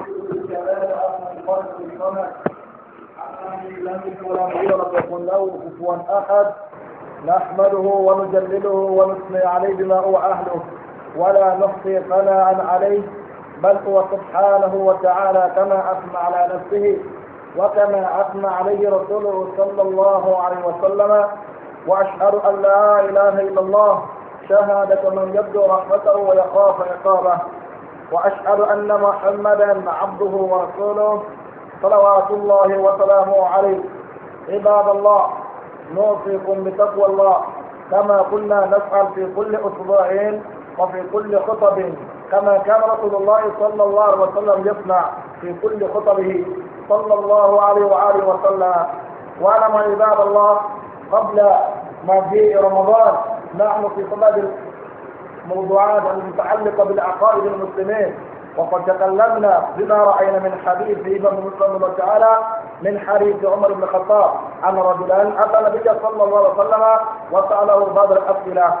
احد نحمده ونجلله ونثني عليه بما هو اهله ولا نحصي ثناء عليه بل هو سبحانه وتعالى كما اثنى على نفسه وكما اثنى عليه رسوله صلى الله عليه وسلم واشهد ان لا اله الا الله شهادة من يبدو رحمته ويخاف عقابه وأشهد أن محمدا عبده ورسوله صلوات الله وسلامه عليه عباد الله نوصيكم بتقوى الله كما كنا نفعل في كل أسبوعين وفي كل خطب كما كان رسول الله صلى الله عليه وسلم يصنع في كل خطبه صلى الله عليه وآله وسلم واعلم عباد الله قبل مجيء رمضان نحن في صدد موضوعات المتعلقة بالعقائد المسلمين وقد تكلمنا بما رأينا من حديث ابن مسلم تعالى من حديث عمر بن الخطاب أن رجلا أتى النبي صلى الله عليه وسلم وسأله بعض الأسئلة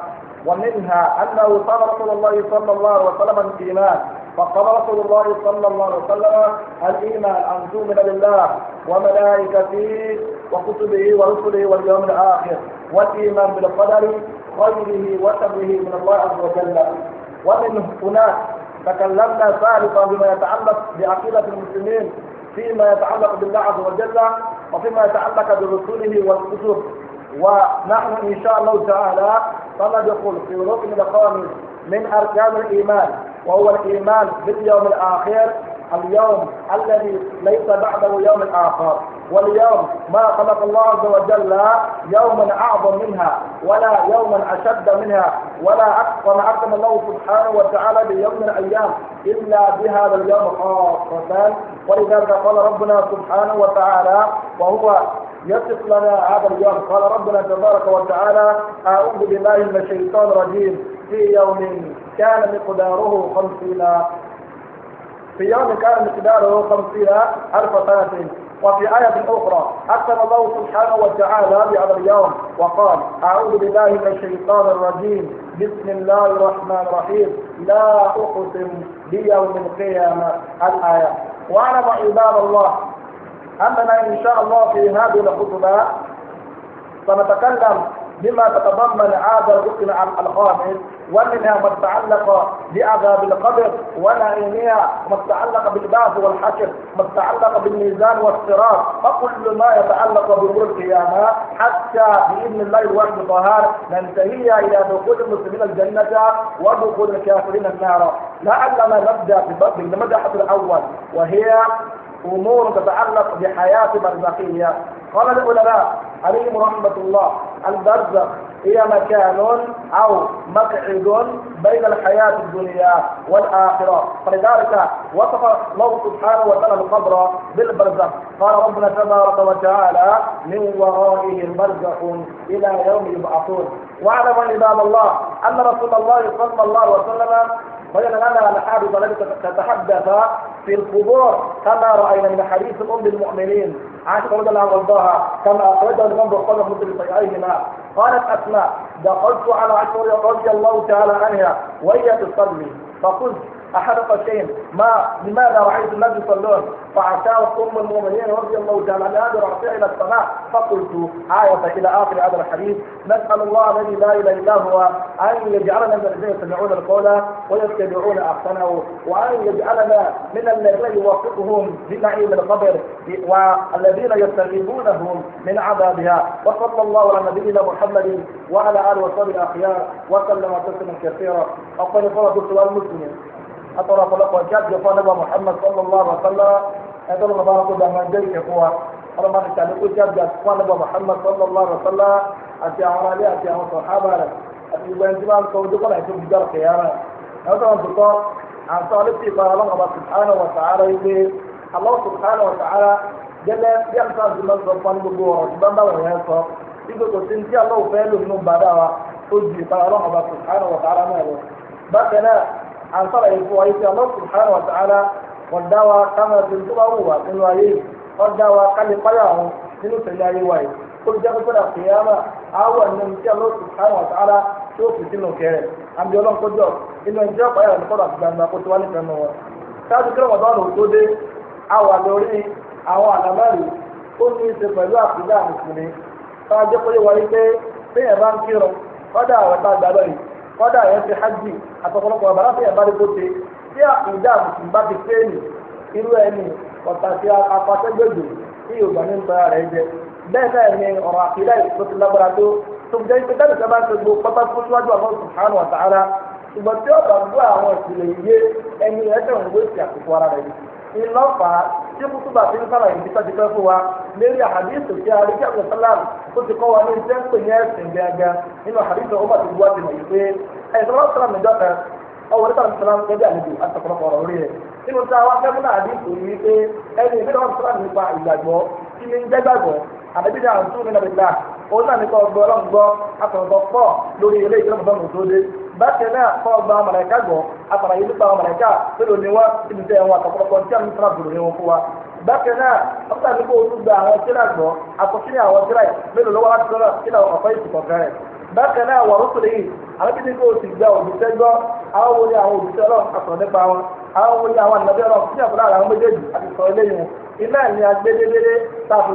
ومنها أنه صار رسول الله صلى الله عليه وسلم الإيمان فقال رسول الله صلى الله عليه وسلم الإيمان أن تؤمن بالله وملائكته وكتبه ورسله واليوم الآخر والإيمان بالقدر خيره وشره من الله عز وجل ومن هناك تكلمنا سابقا بما يتعلق بعقيدة المسلمين فيما يتعلق بالله عز وجل وفيما يتعلق برسوله والكتب ونحن إن شاء الله تعالى سندخل في ركن الخامس من أركان الإيمان وهو الإيمان باليوم الآخر اليوم الذي ليس بعده يوم آخر واليوم ما خلق الله عز وجل يوما أعظم منها ولا يوما أشد منها ولا أكثر أكرم الله سبحانه وتعالى بيوم من الأيام إلا بهذا اليوم خاصة ولذلك قال ربنا سبحانه وتعالى وهو يصف لنا هذا اليوم قال ربنا تبارك وتعالى أعوذ بالله من الشيطان الرجيم في يوم كان مقداره خمسين في يوم كان مقداره خمسين ألف سنة وفي آية أخرى أكثر الله سبحانه وتعالى بهذا اليوم وقال أعوذ بالله من الشيطان الرجيم بسم الله الرحمن الرحيم لا أقسم بيوم القيامة الآية وأعلم عباد الله أننا إن شاء الله في هذه الخطبة سنتكلم لما تتضمن هذا الركن الخامس ومنها ما تعلق بعذاب القبر ونعيمها ما تعلق بالبعث والحشر ما تعلق بالميزان والصراط وكل ما يتعلق بأمور القيامة حتى بإذن الله الواحد الطهار ننتهي إلى دخول المسلمين الجنة ودخول الكافرين النار لعلنا نبدأ بمدحة الأول وهي أمور تتعلق بحياة برزخية قال العلماء عليهم رحمة الله البرزخ هي مكان أو مقعد بين الحياة الدنيا والآخرة فلذلك وصف الله سبحانه وتعالى القبر بالبرزخ قال ربنا تبارك وتعالى من ورائه برزخ إلى يوم يبعثون واعلم عباد الله أن رسول الله صلى الله عليه وسلم بيان أن الحارث التي تتحدث في القبور كما رأينا من حديث أم المؤمنين عائشة رضي الله عنها كما أخرجه الإمام بخاري ومسلم في أيهما قالت أسماء دخلت على عائشة رضي الله تعالى عنها وهي تصلي فقلت احد الشيء ما لماذا رأيت الناس يصلون فعشاء أم المؤمنين رضي الله تعالى عنها برأسها إلى السماء فقلت آية إلى آخر هذا الحديث نسأل الله الذي لا إله إلا هو أن يجعلنا من الذين يستمعون القول ويتبعون أحسنه وأن يجعلنا من الذين يوفقهم بنعيم القبر والذين يستغيثونهم من عذابها وصلى الله على نبينا محمد وعلى آله وصحبه الأخيار وسلم تسليما كثيرا أقول قول السؤال المسلم atọ́rọ ọ̀pọ̀lọpọ̀ kí á jẹ fún anábà Muhammad sallallahu alaihi wa sallam ẹ̀dọ́ lọ́nà bá wọn kó dàgbà ń jẹ́ ìkẹ́kọ̀ọ́ wa ọlọ́mọ àti sàlékún kí á jẹ fún anábà Muhammad sallallahu alaihi wa àti àwọn alẹ́ àti àwọn sọ̀hábà rẹ̀ àti ìgbà ẹni tí wọ́n sọ ojú kọ́lá ìtòkù jọ kẹ̀yàrá ẹ̀dọ́ wọn tó kọ́ àǹtọ́ àti máa ń sọ fún gbogbo wa tó ju ìpa ọlọ́mọba wa ta'ala náà lọ bákan náà à ń sọ̀rọ̀ yìí fún wa yìí tí Allah subhanahu wa ta'ala wọ́n dá wa káwọn ti tó bá wù wá nínú ayé yìí wọ́n dá wa kálí páyà wọn nínú ìṣẹ̀lẹ̀ ayé wa yìí ó ti jáde sọ́dà kìyàmà àwọn ẹ̀nàm tí Allah subhanahu wa ta'ala tí ó fi sínú kẹrẹ̀ àbí ọlọ́nkọjọ́ inú ẹ̀jẹ̀ páyà ní sọ́dà gbangba kó ti wá nífẹ̀ẹ́ mọ́ wọn. sáájú kí lọ́wọ́ dọ́ọ̀nù tó dé àwà lórí àwọn àlámárì ó ní í ṣe pẹ̀lú àfíjà àmì kọ́dà yẹn ti hajj àtọ̀pọ̀lọpọ̀ àbára fẹ́ ẹ̀bá rẹ̀ bóde tí ìdá àmùsùnbá ti fẹ́ẹ̀lì irú ẹni ọ̀tà sí apàtẹ́gbẹ̀gbẹ̀ tí yorùbá ní nípa rẹ̀ jẹ bẹ́ẹ̀ náà ni ọ̀rọ̀ àkìlá ìlú ti lágbára tó tó jẹ́ pé dábìtì bá ń ṣe gbó pátá fún síwájú àwọn sùhánù àtàrà ṣùgbọ́n tí ọ̀bà ń gbọ́ àwọn ìṣẹ̀lẹ̀ yé ẹni ẹ̀ṣẹ̀ ń gbé sí àkókò ara rẹ̀ ìlọ́fà tí kútùbà ti ń sábà ìdíkọ́ ti fún wa lérí àhàdí ìsòkè àríkẹ́ àgbẹ̀sálámù ó ti kọ́ wa ní iṣẹ́ ń pè ní ẹ̀sìn gángan nínú àdìsọ ọba ti bu àti mọ̀yì pé ẹ̀sìn ọba sọ̀rọ̀ mi dọ́ta ọwọ́ nípa mi sọ̀rọ̀ gẹ́gẹ́ àlejò àtọ̀kọ̀rọ̀kọ̀ ọ̀rọ̀ rí ẹ̀ nínú tí a wá fẹ́ múnà àdìsọ yìí pé ẹni ìbílẹ̀ wọn sọ̀rọ̀ nípa ìgbàgbọ́ kí ni ń jẹ́ gbàgbọ́ mi òun náà a ní bákan náà wọ́n tàbí kó olú gba àwọn tíra gbọ́ àkọsílẹ̀ àwọn tíra yìí mélòó lọ́wọ́ láti lọ́la kí làwọn ọ̀fọ́ yìí ti kọ̀ọ̀kan rẹ̀ bákan náà wà rúkúrẹ́ yìí àwọn kí ni kó o sì gba òbíṣẹ́ gbọ́ àwọn wo ni àwọn òbíṣẹ́ ọlọ́run àtọ̀ nípa wọn àwọn wo ni àwọn ànàbẹ́ ọlọ́run kí àbúrò àwọn méjèèjì àti sọ ilé yìí iná ní agbédédédé tá a fi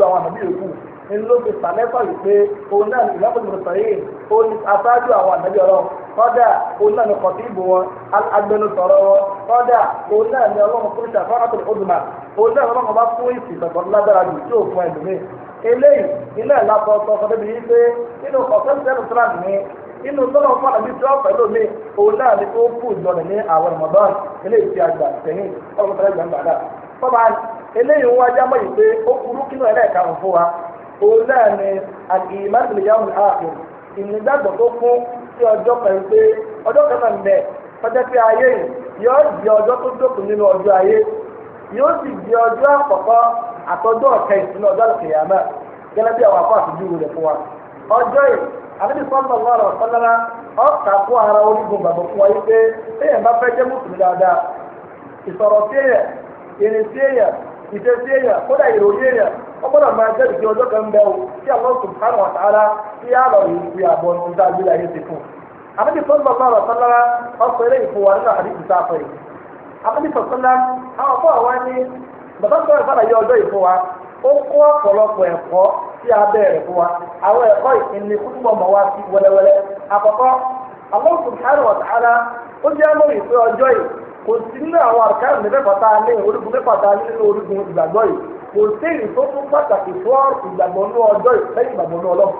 wọnú ló fi sàmẹ́fà yìí pé òun náà ní ìyàpọ̀ ìmọ̀tàn yìí ó ní aṣáájú àwọn ànábì ọlọ́run kọ́dà òun náà ní kọ̀tí ìbò wọn agbẹnusọ̀rọ̀ wọn kọ́dà òun náà ní ọlọ́run fún ìṣàfọ́ àtúntò ọdún òun náà ọlọ́run bá fún ìsìnkọ̀tọ̀ lágbára jù tí ò fún ẹlòmíì eléyìí ilé ẹ̀ lápọ̀ sọ fún ẹbí yìí pé nínú ọ̀sẹ̀ sẹ́nu tíráàdì ni inú tọ́lọ̀ fún àbí tí wọ́n pẹ̀lú mi òun náà ni ó kú ìjọba ní àwọn Ramadan eléyìí ti àgbà sẹ́yìn ọlọ́run fẹ́rẹ́ gbàgbà náà. tọ́ba eléyìí ń wájà mọ́ yìí pé ó burú kí lóore ẹ̀ka ń fún wa òun náà ni àgbìmọ́tìlẹ́yàwó ààfin ìnigbàgbọ́ tó kún sí ọjọ́ kan pé ọjọ́ kan ọjọ mẹ́ tọ́jọ́ pé ayé yóò di ọjọ́ tó dókun nínú ọjọ́ ayé yóò sì di ọjọ́ àkọ́kọ́ àtọ́jọ́ ọ̀kẹ́ ọjọ ọjọ́ àlùkìyàmá gẹ́lẹ́ bí àwọn afọ àtijọ́ rẹ̀ fún wa ọjọ́ yìí àbíbi sọ́nà lọ́rọ̀ sọ́nà ọ̀kà fún ara orígun bàbá fún pé bá fẹ́ jẹ́ mùsùlùmí dáadáa ìsọ̀rọ̀ sí èèyàn ìrìn sí èèyàn ìṣe sí èèyàn kódà ìròyìn èèyàn ọgbọ́dọ̀ máa jẹ́ ìdí ọjọ́ kan bẹ́ẹ̀ o tí àwọn subhanahu wa ta'ala tí a lọ rí ìwé àbọ̀ ní ọjọ́ àgbélé ayé ti fún. àbẹ́bí sọ́nà bá wà sọ́lára ọkọ̀ eré ìfowó wa nínú àdìsí tá a fẹ́ yìí. àbẹ́bí sọ́nà àwọn fún àwa ní bàbá sọ́nà ìfàlàyé ọjọ́ ìfowó wa ó kó ọ̀pọ̀lọpọ̀ ẹ̀kọ́ tí a bẹ̀rẹ̀ fún wa àwọn ẹ̀kọ́ ìpínlẹ̀ kúndùmọ̀ mọ̀ wá sí wẹ́lẹ́wẹ́lẹ́ kò séyìí tó tún pàtàkì fún ìgbàgbọ́ ní ọjọ́ ìfẹ́yìn ìgbàgbọ́ ní ọlọ́run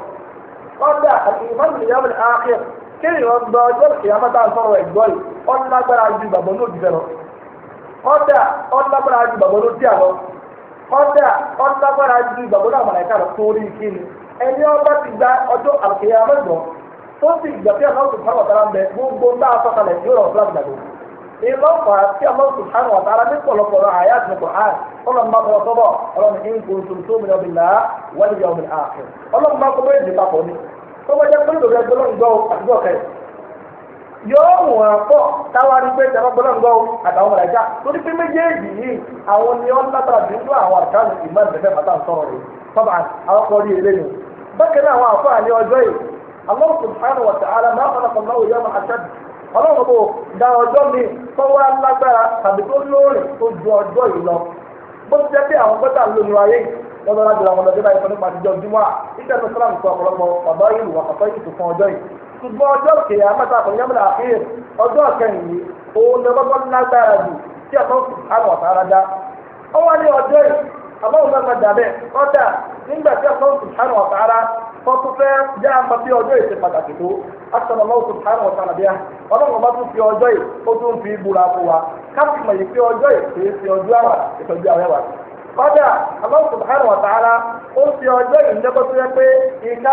ọ̀dà àti ìfọ́nìyàn ìyá mi àáké kéèyàn gba ọjọ́ ìyàmá tá a sọ̀rọ̀ ẹ̀gbọ́ yìí ọ̀nàgbára ju ìgbàgbọ́ ní òjijì lọ ọ̀dà ọ̀nàgbára ju ìgbàgbọ́ ní òjijì lọ ọ̀dà ọ̀nàgbára ju ìgbàgbọ́ ní àmàlẹ́ká lọ ìlọ́pàá àti ọlọ́sùn sánú ọ̀tara ní pọ̀lọpọ̀lọ àyà àti kòhán ọlọ́mọba kọ́ sọ́bọ̀ ọlọ́mọdé ń kó tó tó mìíràn bìlá wọ́n yọ ọmọdé ààfin ọlọ́mọba kọ́ bẹ́ẹ̀ ní papọ̀ ni tó bá jẹ́ pé lórí ẹgbẹ́ lọ́ngbọ́ àdúgbò kẹrì yóò wọ̀n pọ̀ táwárí pé tẹ̀wọ́ gbọ́lọ́ngbọ́ àtàwọn ọ̀rẹ́jà torí pé méjèèjì yìí àwọn ni ọlọ́run kò da ọjọ́ mi tó wá lágbára tàbí tó lóòrìn tó ju ọjọ́ yìí lọ bó ti jẹ́ pé àwọn gbọ́dọ̀ ń lónìí ayé wọ́n lọ́la jùlọ àwọn báyìí fún nípa àtijọ́ tó nǹkan ọ̀pọ̀lọpọ̀ ìlú àkọ́kọ́ fún ọjọ́ yìí ṣùgbọ́n ọjọ́ kẹyà mẹ́ta kò yẹ́mu ọjọ́ yìí òun lágbára jù tí ọ̀tá ara dá ó ní ọjọ́ yìí mẹ́ta dàbẹ̀ kọ́dà wọ́n ya fẹ́ jẹ́ àmọ́ sí ọjọ́ ìṣe pàtàkì tó asọ̀nà lọ́wọ́ tó tààrà ọ̀tá nàbíyá ọlọ́run ọba tún fi ọjọ́ ó wa káàkiri yìí ọjọ́ yìí kì í fi ọjọ́ àwà ìtọ́jú àwẹ̀ tó tààrà ó fi ọjọ́ yìí jẹ́kọ́ yẹ pé ìka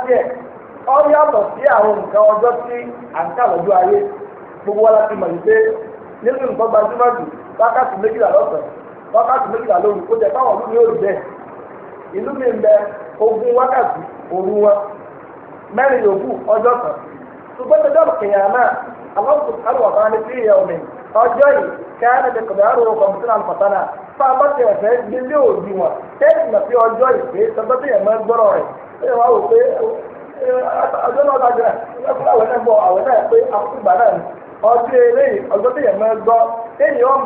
sí àwọn nǹkan ọjọ́ tí ayé gbogbo wa láti yìí pé nínú nǹkan òru wọn mẹ́rin yòókù ọjọ́ kan ṣùgbọ́n tọ́jọ́ kìyàmá aláwọ̀ kálọ̀ wà ní sí ìyàwó mi ọjọ́ yìí káyọ̀ ní kọ̀dọ̀ àrùn kọ̀mùtínà àlùfàtànà fáwọn ti ẹ̀fẹ́ nílé òbí wọn tẹ́lẹ̀ mọ̀ pé ọjọ́ yìí pé tọ́jọ́ tó yẹn mọ́ gbọ́rọ̀ rẹ̀ ẹ wá wò pé ọjọ́ náà dájú rẹ̀ àwọn náà bọ̀ àwọn náà pé akúgbà náà ni ọdún eléyìí ọjọ́ tó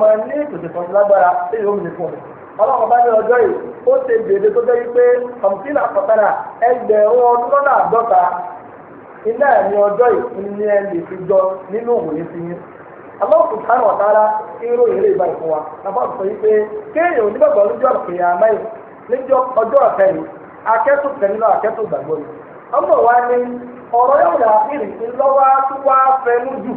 mọ́ gbọ́ ọlọ́run bá ní ọjọ́ yìí ó ṣe gbèdé tó jẹ́ wípé kọ̀mùtínà kọ̀tàrà ẹgbẹ̀rún ọdún lọ́nà àádọ́ta iná ẹ̀mí ọjọ́ yìí ní ẹ lè fi jọ nínú òwòye sí yín. alọ́kùn sáré ọ̀tára irú ìrè ìbá ìfún wa sọ wípé kéèyàn onígbàgbọ́ lójú ọjọ́ ọ̀tẹ̀ yìí akẹ́tù tẹ̀lé akẹ́tù gbàgbọ́ yìí. ọmọ wa ọ̀rọ̀ yóò yà wá fẹnu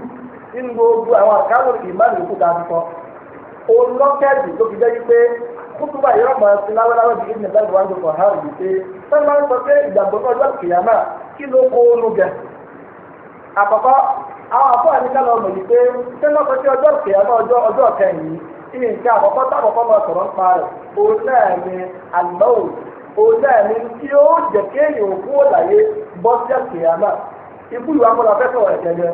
kútùbà yóò máa fi láwẹ́láwẹ́ bí ibi nìkan ìwádìí fún ha òbí pé sọ máa ń sọ pé ìgbàgbọ́ náà lọ́ọ̀ kìyàmá kí ló kó onu gẹ̀. àkọ́kọ́ àwọn àfọ àníkà lọ mọ̀ yìí pé sọ máa sọ pé ọjọ́ kìyàmá ọjọ́ ọjọ́ kẹyìn kí ni nǹkan àkọ́kọ́ táàkọ́kọ́ máa sọ̀rọ̀ ń pa rẹ̀ òun náà ni àlùbáwò òun náà ni tí ó jẹ́ kéèyàn òkú òlàyé bọ́ sí àkìyàmá ikú ìwà mọ́ra fẹ́ sọ̀rọ̀ ẹ̀jẹ̀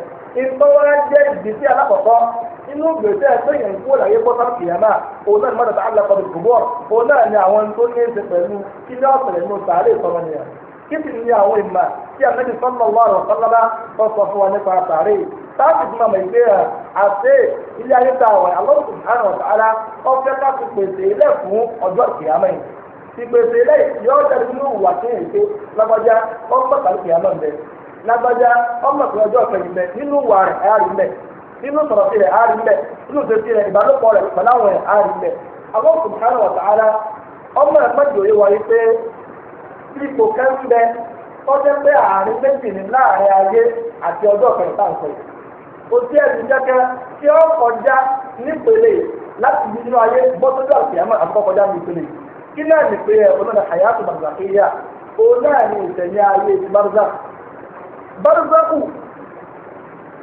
inú gbèsè ẹgbẹ́ yẹn kó láyé bọ́tà kìyàmá òun náà mọ́tò tá a lọ kọ́bi gbogbo òun náà ni àwọn tó ní ṣe pẹ̀lú kí ní ọ̀sẹ̀lẹ̀ nù sàárè sọ̀rọ̀ nìyẹn kí sì ní àwọn ìmọ̀ tí ànábì sọ́nà lọ́rọ̀ sọ́nà tó sọ fún wa nípa sàárè táàbì tí màmá ìgbé hàn àti ilé ayé tá a wọ̀ Allah subhanahu wa ta'ala ọ̀fẹ́ ká ti pèsè ilé fún ọjọ́ kìyàmá yìí ìpèsè ilé yóò jáde nínú ìwà tí ń ṣe lágbájá ọgbọ́n kàlùkìyàmá ń bẹ lágbájá ọgbọ́n kàlùkìyàmá ń bẹ nínú ìwà rẹ̀ ẹ̀yà rí ń nínú sọ̀rọ̀ sí rẹ̀ á rí mẹ́ nínú sọ̀rọ̀ sí rẹ̀ ìbálòpọ̀ rẹ̀ pẹ̀lú àwọn ẹ̀ á rí mẹ́ àwọn subhanahu wa ta'ala ọmọ ẹ̀ mọ́jì òye wáyé pé pé àárín méjì ní láàrin ayé àti ọjọ́ kẹta ń kọjá nípele láti inú ayé bọ́sọ́jọ́ nípele kí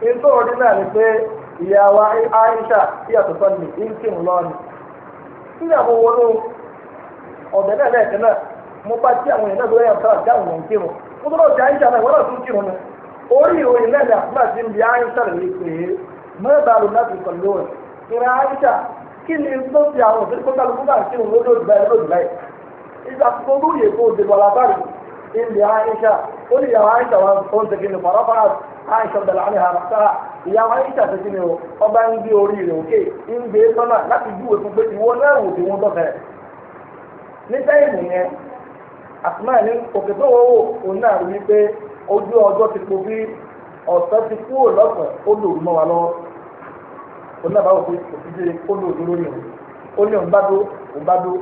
nítorí orí náà ni pé ìyàwó Aisha ìyàtọ̀ sọ́ni ń kí ń lọ́ọ̀nì níyàwó wọnú ọ̀dẹ̀ náà lẹ́ẹ̀kan náà mo bá tí àwọn èèyàn náà lóyè ọ̀sán àti àwọn èèyàn kírun mo tún lọ́ọ̀ sí Aisha náà ìwọ́n náà tún ni orí ìròyìn náà ni bi Aisha rẹ̀ pé mẹ́ta ló láti sọ lóòrè ìrìn Aisha kí ni tó ti àwọn òṣèlú kó aisha ọ̀dàlà àmì hàn sáà ìyàwó aisha ti o ọba ń gbé orí rẹ̀ òkè ń gbé láti júwe fún pé ìwọ náà wò wọn tọ́fẹ̀. ní sẹ́yìn àtúmáà ní òkè tó wọ́wọ́ òun náà rí pé ojú ọjọ́ ti po bí ọ̀sán ti kúrò lọ́sàn ó lò mọ́ wa òun náà bá wò pé òfìdí ó lò òun ó ní òun bá dó òun bá dó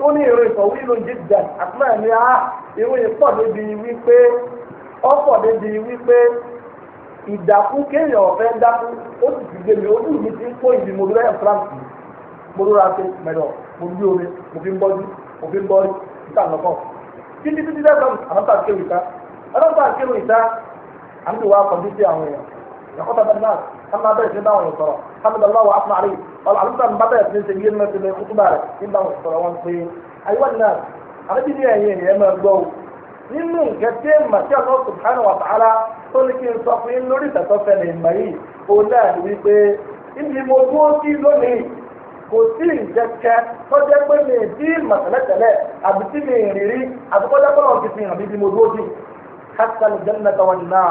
ó ní ìròyìn pọ̀ wílò jíjà àtúmọ̀ ẹ̀mí á ìròyìn pọ̀ débi wípé ó pọ̀ débi wípé ìdàkú kéèyàn ọ̀fẹ́ dákú ó sì ti gbé mi ojú mi ti ń kó ìdí mo lọ́yẹ̀ france mo lóra ṣe mẹ́rọ mo gbé omi mo fi ń bọ́jú mo fi ń bọ́jú níta a خطب الناس أما بيت نباوة يطرى حمد الله وعطنا عليه قال علمت أن بدأت من سبيل ما تبين خطبارك نباوة يطرى وانصين أيوة الناس أنا بدي أهين يا أمر الجو nínú ìkẹtẹ màtí àtọ subhanahu wa ta'ala tó ní kí n sọ fún yín lórí ìtàtọ fẹlẹ ìmọ̀ yìí òun náà ní wípé ibi mo dúró sí lónìí kò sí ìjẹkẹ tó pé mi ì bí màtẹlẹtẹlẹ àbí tí mi ì rírí àti kọjá kọlọ ti fi hàn mí bí mo dúró sí. kásán ìjẹun náà tọwọ́ náà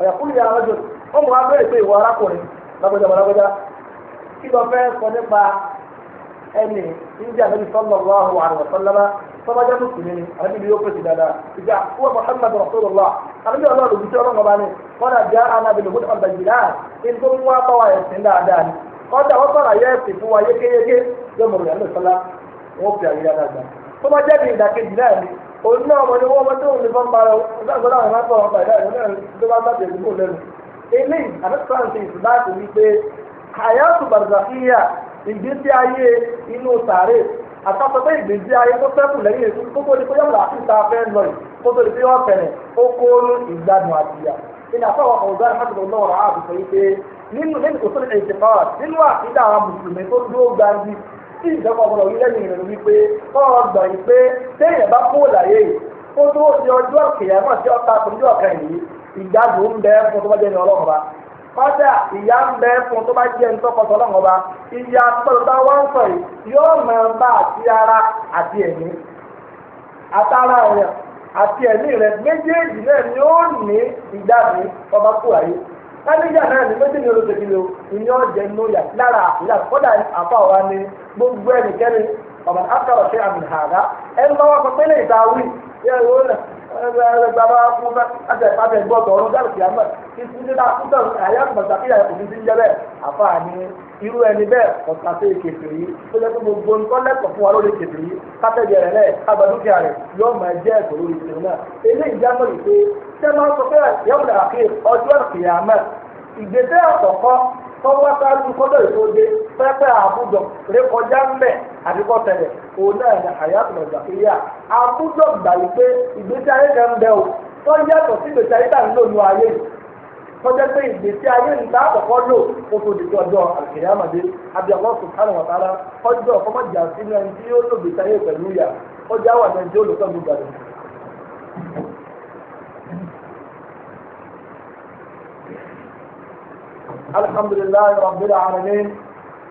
àyàkúlù yàrá lọ́jọ́ wọ́n mú abẹ́rẹ́ pé ìwọ arákùnrin lágbájá lágbájá kí lọ fẹ́ sọ nípa ẹni níjà níbi sallallahu alaihi wa sallama sọ́bàjá mùsùlùmí ni àbí ibi yóò pèsè dáadáa ìjà fún Muhammad rasulullah àbí ọlọ́run òbí tí ọlọ́run ọba ni wọ́n dà já àná bẹ̀rẹ̀ fún ọ̀dà yìí náà ní tó ń wá bá wa ẹ̀sìn dáadáa ni wọ́n dà wọ́n sọ̀rọ̀ ayé ẹ̀sìn fún wa yékéyéké yóò mọ̀rọ̀ òun náà ọmọdé wọ́n ọmọdé òun nìkan parọ́ ìgbàgbọ́ náà wọ́n bá ọ̀pá ẹ̀dá ìlú náà ló bá bá tẹ̀lé kò lẹ́nu. eléyìí àbẹ́sọ̀rọ̀ ṣe ìsìláàtì wípé àyàtù bàrùsàkìyà ìgbésí ayé inú sàárè àtàkọ́tẹ́ ìgbésí ayé tó fẹ́ kù lẹ́yìn èso kókó ni kóyọ̀ làásì ta fẹ́ lọ yìí kótó ni kóyọ̀ fẹ̀rẹ̀ ó kó ní ìgbádùn àtìyà ìnà àfọwọ́ ọ̀gá ìfàtìkọ̀ náà rà á bùsọ̀ yìí pé nínú nínú òṣèlú ẹ̀ṣẹ̀ pàwọ́ nínú àfihàn àwọn mùsùlùmí tí ìjọba ọmọ orílẹ̀ èdè ìrìn wípé kọ́ọ̀ gbọ̀n yìí pé téèyàn bá kú òlàyé yìí ó tó di ọjọ́ kìyàmọ̀ tí ọ̀tá kùnjú ọ̀kan yìí ìgbádùn ń bẹ fún tó bá jẹ́ ní ọlọ́run ọba kọ́dà ìyá ń bẹ fún tó bá jẹ́ ní tọkọtọ̀ ọlọ́run ọba ìyá pẹ̀lúta wá ń sọ yìí yóò máa bá àti ara àti ẹ̀mí àtàrà rẹ̀ àti ẹ̀mí rẹ̀ méjèèjì náà ni ó ní ìgbádùn ọba kúrò ayé káníjà náà ní méjì ní olóṣèlú ni o ìyẹn ọ̀jẹ̀ nínú yà lára àfúlà kódà àfa ọ̀wá ni gbogbo ẹnikẹ́ni ọ̀bàn after ọ̀ṣẹ́ àmì hàrá ẹ̀ ń bá wà pẹ́pẹ́lẹ́ ìta wí yẹ ìwé náà bàbá kú fẹ́ àti ẹ̀fà bẹ̀ gbọ́ tọ̀ ọ̀run dẹ́rù kìámẹ́ ìsinmi náà kú tẹ̀rù àyà gbọ̀dọ̀ kí àyà kùnú sí ń jẹ́ bẹ́ẹ̀ àfààní irú ẹni bẹ́ẹ̀ ọ̀sán sí ìkèfè yìí tó jẹ́ pé gbogbo nǹkan lẹ́kọ̀ọ́ fún wa lórí ìkèfè yìí kátẹ́jẹ rẹ̀ lẹ̀ kágbà dúkìá rẹ̀ yóò máa jẹ́ ẹ̀kọ́ lórí ìkèfè náà eléyìí jámọ́ yìí pé tẹ́ máa sọ pé yẹ́wùn àkè ọjọ́ ìkèyàmẹ́ ìgbésẹ̀ àkọ́kọ́ tọ́wọ́ sáájú kọ́dọ̀ ìfọ́dé pẹ́pẹ́ àbújọ rékọjá ńlẹ̀ àdìkọ́ tẹ̀lé òun náà ní àyàtọ̀ ìgbàkúyà àbújọ gbà yìí pé ìgbésí ayé kan bẹ o tó yàtọ̀ sí ìgbésí ayé tàn lónú ayé yìí tọ́jọ́ pé ìgbésí ayé ń ta àkọ́kọ́ lò wàtàrà tí lò ìgbésí ayé pẹ̀lú ìyà ọjà wà الحمد لله رب العالمين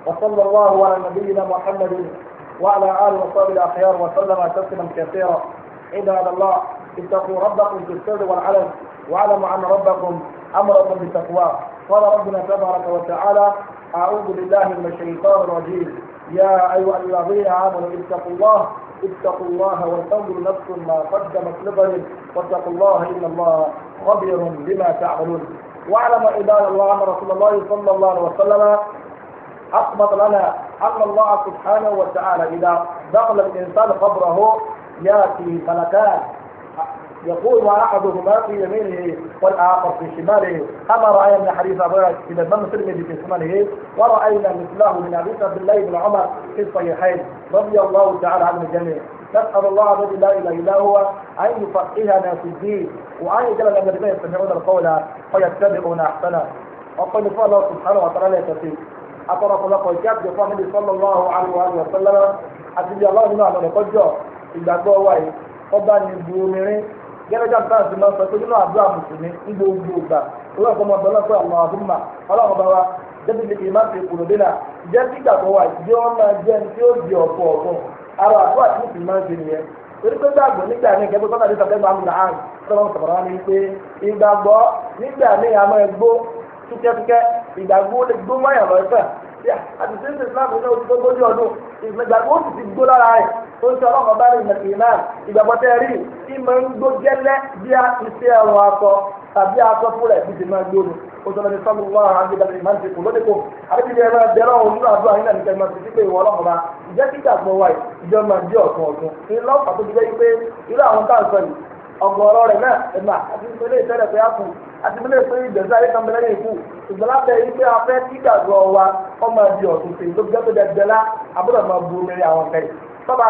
وصلى الله على نبينا محمد وعلى آله وصحبه الأخيار وسلم تسليما كثيرا عباد الله اتقوا ربكم في السر والعلن واعلموا أن ربكم أمركم بالتقوى قال ربنا تبارك وتعالى أعوذ بالله من الشيطان الرجيم يا أيها الذين آمنوا اتقوا الله اتقوا الله وانظروا نفس ما قدمت لغد واتقوا الله إن الله خبير بما تعملون واعلم عباد الله ان رسول الله صلى الله عليه وسلم اقبض لنا ان الله سبحانه وتعالى اذا دخل الانسان قبره ياتي ملكان يقول احدهما في يمينه والاخر في شماله كما راينا حديث ابو الى بن الترمذي في شماله وراينا مثله من ابي عبد الله بن عمر في الصحيحين رضي الله تعالى عن الجميع نسأل الله الذي لا إله إلا هو أن يفقهنا في الدين وأن يجعلنا من الذين يستمعون القول فيتبعون أحسنه وقل الله سبحانه وتعالى يتفيد أطرق لك الجاب يقول النبي صلى الله عليه وآله وسلم àti Allah nínú àwọn ìkọjọ ìgbàgbọ́ wa yìí ọba ní ibu omirin gẹ́gẹ́ jáde táwọn ti máa ń sọ pé nínú àdúrà mùsùlùmí ní gbogbo ìgbà olóòwò kọ́ máa bọ́lá pé àwọn àdúmà ọlọ́run bá wa jẹ́ ti lè má fi kúrò dé náà jẹ́ kí ìgbàgbọ́ wa yìí ó máa jẹ́ ní tí ó di ọ̀pọ̀ ọ̀pọ̀ ara àdúrà tí nìkan máa ń ṣe nìyẹn torí pé gbàgbọ́ nígbà míì gẹ́gẹ́ bọ́lá àdìsọ́ bẹ́ẹ̀ bá ń làán tọ́lọ́ sọ̀rọ̀ wá ní pé ìgbàgbọ́ nígbà míì a máa gbó túkẹ́túkẹ́ ìgbàgbọ́ lè gbó wáyà lọ́sẹ̀ àtìsí ní islam ní oṣù tó gbójú ọdún ìgbàgbọ́ oṣù ti gbó lára rẹ̀ tó ń sọ ọlọ́kọ̀ bá rìn nàkì náà ìgbàgbọ́ tẹ́ rí kí máa ń gbó gẹ́lẹ́ bí a ti ṣe ẹ̀rọ akọ tàbí akọ fúnra ẹ̀ bí ti máa gbóni o tọ́lá ní sọ́mu wọn àwọn àgbẹ̀dàgbẹ̀ ìmọ̀ ní kò lóde kò àbíbi ní ẹ̀rọ ẹ̀dẹ́rọ̀ òun nínú àdúrà nínú àti bí lè pé ìgbésí ayé kan bẹ̀rẹ̀ ìkú ìgbàlá bẹ ipe afẹ́ kíkàgbọ́ wa ọmọ ẹbí ọ̀tún sí tó gbẹ́tọ̀ dẹgbẹ́lá àbúrò máa bu omi àwọn ọ̀kẹ́ yìí. bàbá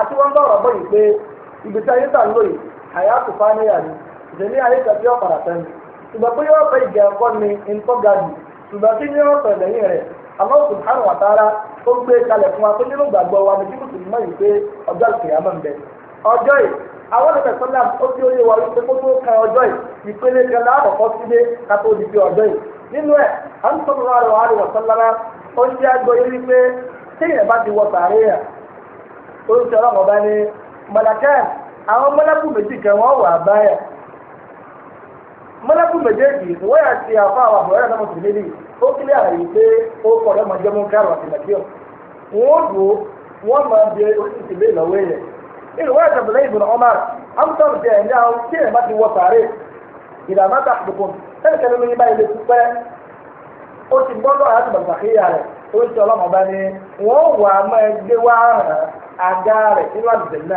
àti wọn bá ọ̀rọ̀ bọ̀ yìí pé ìgbésí ayé tà ń lò yìí àyà kò fá níyà ni ìdèmí ayé kan tí ó padà sẹ́ni. ṣùgbọ́n pé yóò fẹ́ ìgbà ẹ̀kọ́ ni nǹkan ga jù ṣùgbọ́n kí ni yóò fẹ́ lẹ́yìn rẹ̀ àmọ́ sùhánù àwọn ẹ̀fẹ̀ sọ́lá ó fi oyè wa wípé kó tó ka ọjọ́ yìí ìpele kan láàkọ́kọ́ sílé kátó di a ọjọ́ yìí nínú ẹ̀ à ń sọ̀rọ̀ àrò àrò wọ̀sánlára ó ń jẹ́ àgbọ̀ yìí wípé téèyàn bá ti wọ sàárè yà ó ń sọ̀rọ̀ ọ̀bá mọ̀lákẹ́ àwọn mọ́lẹ́kù méjì wọ́n wà mọ́lẹ́kù méjèèjì wọ́n yà ti àwọn àbúrò ìwé ẹ̀sẹ̀ bìlẹ̀ ìbùnà ọmọ rẹ̀ amútọ́ jẹ a ní àwọn tí èèmá ti wọ sàárè ìdààmú ta àdùkùn ẹnì kẹ́lẹ́ lóyún báyìí lè ti pẹ́ ó ti gbọ́dọ̀ àti bàtàkìyà rẹ̀ ó ti ọlọ́mọ bá ní wọ́n wà á máa gbé wá hàn àga rẹ̀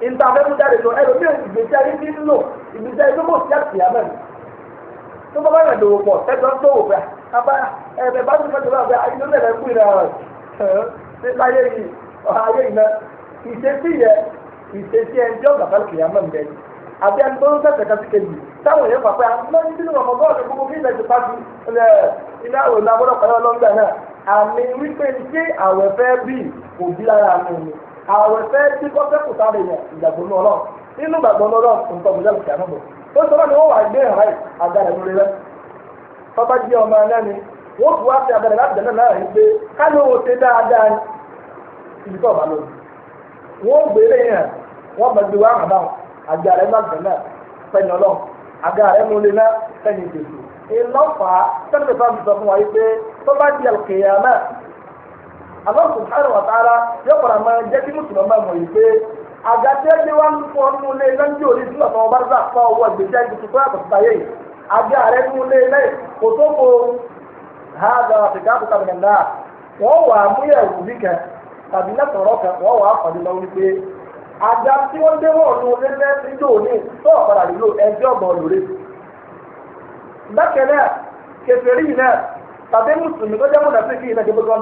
nta fẹ́ mú jáde lọ ẹ̀rọ mi ò ìgbésí ayé ti lò ìgbésí ayé tó sí àti àmọ́ mi tó bá báyọ̀ dòwò pọ̀ ẹ̀sọ́ ń dòwò pẹ̀ àbá ẹ̀bẹ̀ bá tún fẹ́jọ́ láàbẹ̀ ayé ló lẹ̀lẹ̀ ayé yìí náà ìṣesí yẹ ẹni tó ń kejì táwọn èèyàn ní sínú ọmọ àwẹ̀ fẹ́ tí kọ́sẹ́kù sáré yẹn ìgbàgbọ́ ní ọlọ́run nínú ìgbàgbọ́ ní ọlọ́run kò ń tọ́ ìjọba ìkẹ́ àmọ́ bò ó sọ náà ni wọ́n wà gbé ìhà àgàrẹ̀ lórí rẹ tọ́ba jẹ́ ọmọ ẹlẹ́ni wọ́n fi wá sí àgàrẹ̀ láti dẹ̀nà náà yìí pé kálí owó ṣe dáadáa ibi tó ọ̀bà lónìí wọ́n gbé lẹ́yìn rẹ̀ wọ́n bẹ̀ gbé wá àdáhùn àgàrẹ̀ má dẹ̀nà fẹ́yìn náà fẹ́yìn ìdèkù ìlọ́fà Allah subhanahu wa ta'ala yóò padà máa jẹ́ kí mùsùlùmí máa mọ̀ yìí pé àgàtí ẹgbẹ́ wa ń fọ́ nínú ilé lẹ́ńjọ́ orí sílẹ̀ tó wọn bá dà fọ́ ọwọ́ ìgbésẹ̀ a tó yàtọ̀ síta yìí àgbẹ̀ ààrẹ nínú ilé ilé kò tó ya ha gba àfìkà àfìkà bìnnà a wọ́n wà múyẹ̀wò bí kan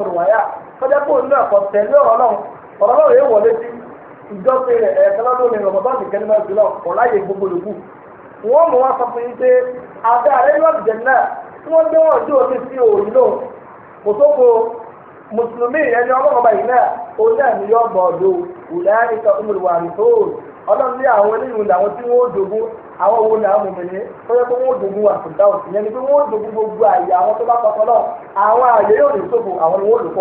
na kọjá kó nínú ẹ̀kọ́ tẹ̀lé ọ̀rọ̀ náà ọ̀rọ̀ náà yóò wọlé sí ìjọsìn rẹ̀ ẹ̀ẹ́dẹ́gbẹ́ ní rọ̀mọ́dán ní mẹ́rin jùlọ kọ̀ gbogbo lòkù. wọ́n wọn sọ fún yín pé àrẹ yóò náà tí wọ́n gbé wọn jó sí náà mùsùlùmí ẹni yìí náà ó àwọn ni àwọn obìnrin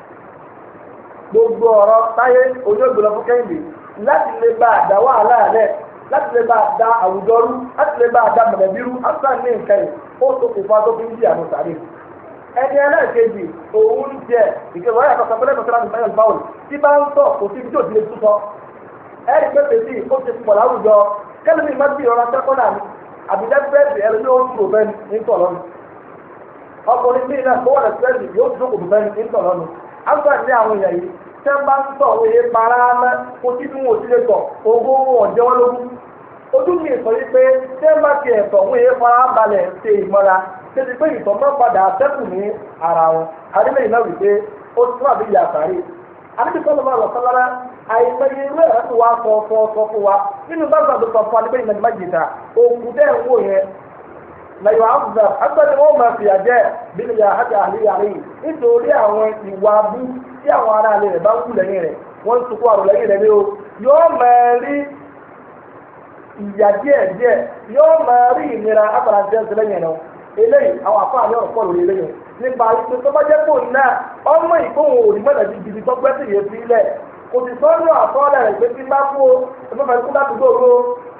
gbogbo ọ̀rọ̀ táyé ojóògbé lọ fún kẹ́hìndé láti lè bá àdá wàhálà rẹ̀ láti lè bá àdá àwùjọ rú láti lè bá àdá mọ̀lẹ́bí rú ní nǹkan yìí ó tó kò fa tó fi ń di ẹni ẹlẹ́ẹ̀kejì òun jẹ ìkẹwàá yàtọ̀ sọ pẹ́lẹ́ láti fẹ́yàn báwò tí bá ń tọ̀ kò sí ti ẹni pépè sí ó ti pọ̀ láwùjọ má bí ìrora tẹ́ bá ń tọ̀ wọ́n yé para mẹ́ kó tí bí ò ti lè ogún wọn ò jẹ́ ojú mi sọ yí pé tẹ́ bá ti ẹ̀tọ̀ wọ́n yé balẹ̀ ṣe ìmọ̀ra ṣe ti pé ìtọ̀ máa padà sẹ́kù ní ara wọn. adébẹ̀yì náà pé ó tún àbí ìyá àtàrí. adébẹ̀yì máa lọ sọ́lára àìmọye ìwé ẹ̀rọ wá sọ la yóò àwùjọ agbẹ́ni wọn máa fìyà jẹ bí lè yàrá àti àlè yàrá yìí nítorí àwọn ìwà abú tí àwọn ará alẹ́ rẹ̀ bá wù lẹ́yìn rẹ̀ wọ́n ń sunkún o yóò máa rí ìyà díẹ̀ díẹ̀ yóò máa rí ìnira afaransẹ́ ṣe lẹ́yìn rẹ̀ eléyìí àwọn afáà ní ọ̀pọ̀ lórí eléyìí nípa ìpè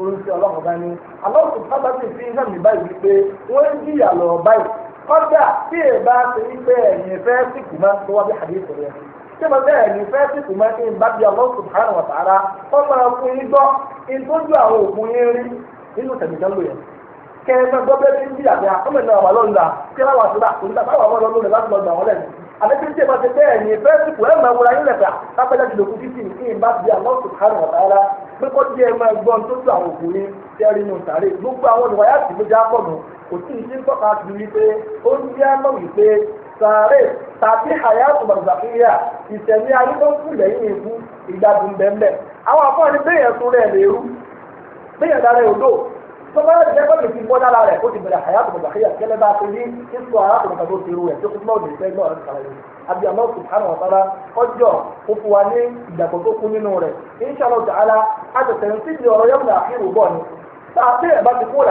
oúnjẹ ọlọ́run bá ní alọ́sùn sábà sì fi hàn mí báyìí wípé wọ́n ń jìyà lọ báyìí kọ́dà tí ẹ bá ṣe wípé ẹ̀yìn fẹ́ sìnkú máa ń tó wá bí àdéhùn rẹ̀ tí mo bẹ́ẹ̀ ẹ̀yìn fẹ́ sìnkú máa ń bá bí alọ́sùn sùhánù ọ̀tàrà wọ́n máa fún yín gbọ́ ìtọ́jú àwọn òkun yín rí nínú tẹ̀mítẹ́lò yẹn kẹ́ẹ̀mẹ́ bẹ́ẹ̀ ti ń bí àbẹ́tí tí ẹ bẹ́ẹ̀ ni fẹ́ẹ́sìpù ẹ máa wura yín lẹ́fẹ̀ẹ́ lápẹ́lẹ́ ti lòkù títì ní kí n bá bí àwọn sùkárù ọ̀tàrà pé kó tí ẹ máa gbọ́n tó tó àwọn òkú yín tí ẹ rí inú sàárè gbogbo àwọn olùwà yàtì ló já pọ̀ nù kò tí ì sí ń tọ́ka sí i pé ó ń jẹ́ mọ̀ wípé sàárè tàbí àyàtò bàbàkìyà ìṣẹ̀lẹ̀ ayé tó ń kú tọ́ba jẹ́ pẹ́lú ti bọ́ dára rẹ̀ ó ti bẹ̀rẹ̀ àyàtò mọ̀tàkìyà kẹlẹ́ bá ti ní ìsọ àyàtò mọ̀tàkì ni sàtẹ́ ẹ̀ bá ti kó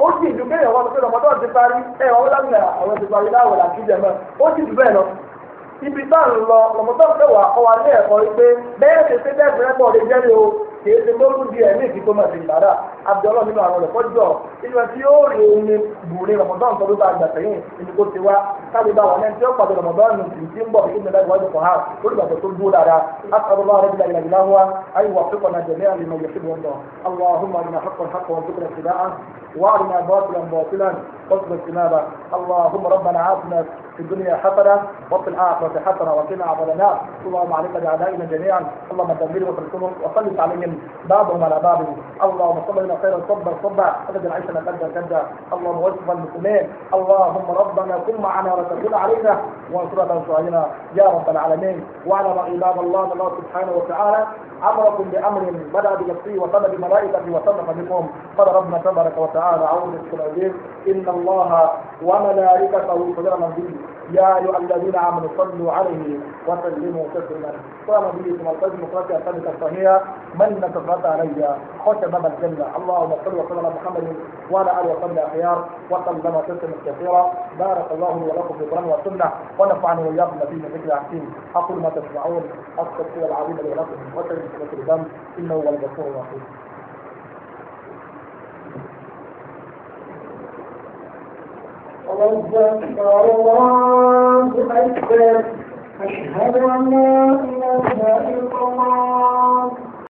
ó sì ju kéèyàn wọn sọ pé ọmọdé ti parí ẹ ọwọ́ lámì àwọn ti parí láwọ̀ làkì jẹ mọ́ ó sì ju bẹ́ẹ̀ lọ. ibi tá à ń lọ ọmọdé ọ̀fẹ́ wà ọ kì í ṣe tó kú díẹ̀ ní ìdí tó máa ti gbàdá abdulọ nínú àwọn ẹ̀kọ́ jọ nínú ẹ tí yóò rí omi bùrẹ rọmọdán tó ló bá gbà sẹ́yìn nínú kó ti wá káàdì bá wọn ẹni tí ó pàdé rọmọdán nù tì tí ń bọ̀ nínú ẹ̀dá ìwádìí kan hàn lórí ìgbà tó dúró dáadáa asàlọ́ bá rẹ̀ bí ìlànà ìlànà wa ayé wà fíkọ̀ náà jẹ̀mí àlè mọ̀ yẹ̀sí bọ̀ lọ اللهم ارنا حقا حقا وارزقنا اتباعه وارنا باطلا باطلا وارزقنا اجتنابه اللهم ربنا عافنا في الدنيا حسنة وفي الآخرة حسنة وقنا عذاب النار اللهم عليك بأعدائنا جميعا اللهم دمر وتركهم وسلط عليهم الجميع بعضهم على بعض اللهم صل لنا خيرا صبا صبا ابدا عيشنا قدا كدا اللهم وفق المسلمين اللهم ربنا كن معنا ولا تكن علينا وانصرنا على يا رب العالمين واعلم عباد الله الله سبحانه وتعالى امركم بامر بدا بنفسه وصدى بملائكته وصدق بكم قال ربنا تبارك وتعالى اعوذ بالعزيز ان الله وملائكته يصلون من به يا ايها الذين امنوا صلوا عليه وسلموا تسليما قام به صلى الله عليه وسلم قرات من نتفرد علي خش باب الجنه اللهم صل وسلم على محمد وعلى اله وصحبه اخيار وسلم تسليما كثيرا بارك الله لي ولكم في القران والسنه ونفعني واياكم فيه من ذكر حكيم اقول ما تسمعون استغفر العظيم لي ولكم لكثرة الدم إنه هو الغفور الرحيم الله الله أكبر أشهد أن لا إله إلا الله